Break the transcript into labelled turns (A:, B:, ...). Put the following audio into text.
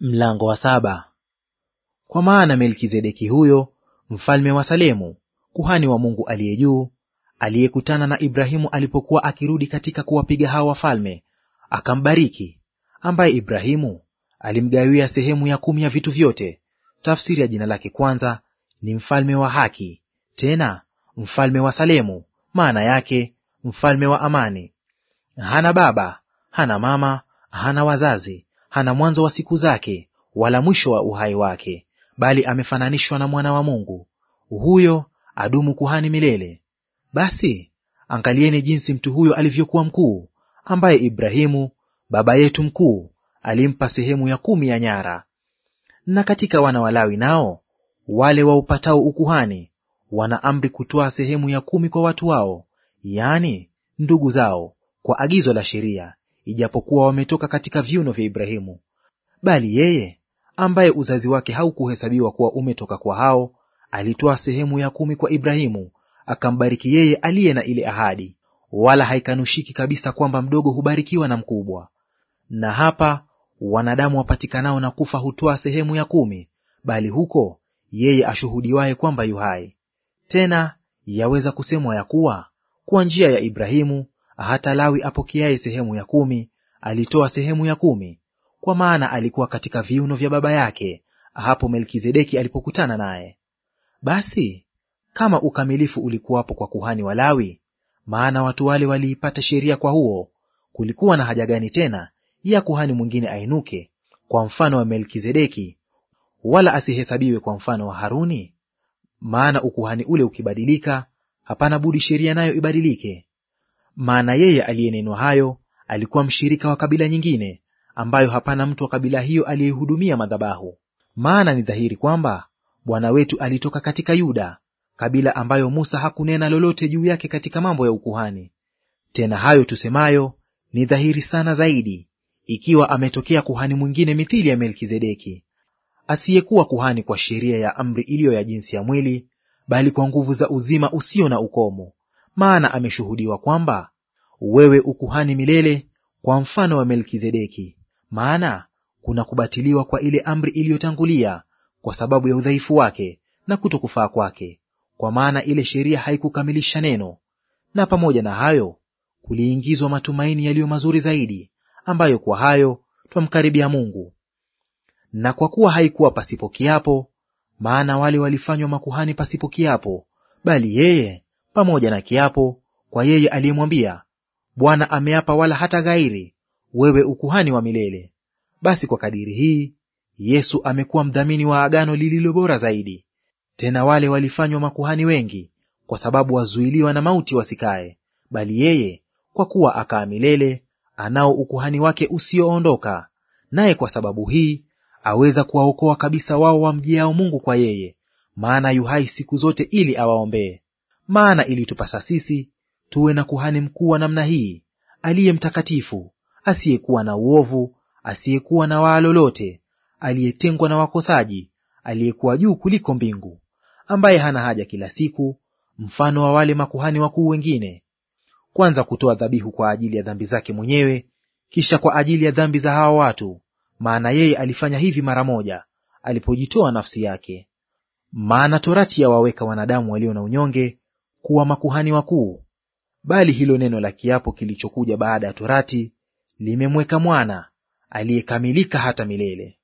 A: mlango wa saba. Kwa maana Melkizedeki huyo mfalme wa Salemu, kuhani wa Mungu aliye juu, aliyekutana na Ibrahimu alipokuwa akirudi katika kuwapiga hao wafalme, akambariki, ambaye Ibrahimu alimgawia sehemu ya kumi ya vitu vyote. Tafsiri ya jina lake kwanza ni mfalme wa haki, tena mfalme wa Salemu, maana yake mfalme wa amani. Hana baba, hana mama, hana wazazi, hana mwanzo wa siku zake, wala mwisho wa uhai wake, bali amefananishwa na mwana wa Mungu; huyo adumu kuhani milele. Basi angalieni jinsi mtu huyo alivyokuwa mkuu, ambaye Ibrahimu baba yetu mkuu alimpa sehemu ya kumi ya nyara. Na katika wana wa Lawi nao wale waupatao ukuhani wana amri kutoa sehemu ya kumi kwa watu wao, yaani ndugu zao, kwa agizo la sheria, ijapokuwa wametoka katika viuno vya Ibrahimu. Bali yeye ambaye uzazi wake haukuhesabiwa kuwa umetoka kwa hao, alitoa sehemu ya kumi kwa Ibrahimu, akambariki yeye aliye na ile ahadi, wala haikanushiki kabisa kwamba mdogo hubarikiwa na mkubwa. Na hapa wanadamu wapatikanao na kufa hutoa sehemu ya kumi, bali huko yeye ashuhudiwaye kwamba yu hai. Tena yaweza kusemwa ya kuwa kwa njia ya Ibrahimu hata Lawi apokeaye sehemu ya kumi alitoa sehemu ya kumi, kwa maana alikuwa katika viuno vya baba yake hapo Melkizedeki alipokutana naye. Basi kama ukamilifu ulikuwapo kwa kuhani wa Lawi, maana watu wale waliipata sheria kwa huo, kulikuwa na haja gani tena ya kuhani mwingine ainuke kwa mfano wa Melkizedeki, wala asihesabiwe kwa mfano wa Haruni? Maana ukuhani ule ukibadilika, hapana budi sheria nayo ibadilike maana yeye aliyenenwa hayo alikuwa mshirika wa kabila nyingine, ambayo hapana mtu wa kabila hiyo aliyeihudumia madhabahu. Maana ni dhahiri kwamba Bwana wetu alitoka katika Yuda, kabila ambayo Musa hakunena lolote juu yake katika mambo ya ukuhani. Tena hayo tusemayo ni dhahiri sana zaidi, ikiwa ametokea kuhani mwingine mithili ya Melkizedeki, asiyekuwa kuhani kwa sheria ya amri iliyo ya jinsi ya mwili, bali kwa nguvu za uzima usio na ukomo. Maana ameshuhudiwa kwamba wewe ukuhani milele kwa mfano wa Melkizedeki. Maana kuna kubatiliwa kwa ile amri iliyotangulia kwa sababu ya udhaifu wake na kutokufaa kwake, kwa maana ile sheria haikukamilisha neno. Na pamoja na hayo kuliingizwa matumaini yaliyo mazuri zaidi, ambayo kwa hayo twamkaribia Mungu. Na kwa kuwa haikuwa pasipo kiapo, maana wale walifanywa makuhani pasipo kiapo, bali yeye pamoja na kiapo kwa yeye aliyemwambia, Bwana ameapa wala hata ghairi, wewe ukuhani wa milele. Basi kwa kadiri hii Yesu amekuwa mdhamini wa agano lililo bora zaidi. Tena wale walifanywa makuhani wengi, kwa sababu wazuiliwa na mauti wasikae, bali yeye kwa kuwa akaa milele, anao ukuhani wake usioondoka. Naye kwa sababu hii aweza kuwaokoa kabisa wao wamjiao Mungu kwa yeye, maana yuhai siku zote ili awaombee. Maana ilitupasa sisi tuwe na kuhani mkuu wa namna hii, aliye mtakatifu, asiyekuwa na uovu, asiyekuwa na waa lolote, aliyetengwa na wakosaji, aliyekuwa juu kuliko mbingu, ambaye hana haja kila siku mfano wa wale makuhani wakuu wengine, kwanza kutoa dhabihu kwa ajili ya dhambi zake mwenyewe, kisha kwa ajili ya dhambi za hawa watu, maana yeye alifanya hivi mara moja alipojitoa nafsi yake. Maana torati yawaweka wanadamu walio na unyonge kuwa makuhani wakuu Bali hilo neno la kiapo kilichokuja baada ya torati limemweka mwana aliyekamilika hata milele.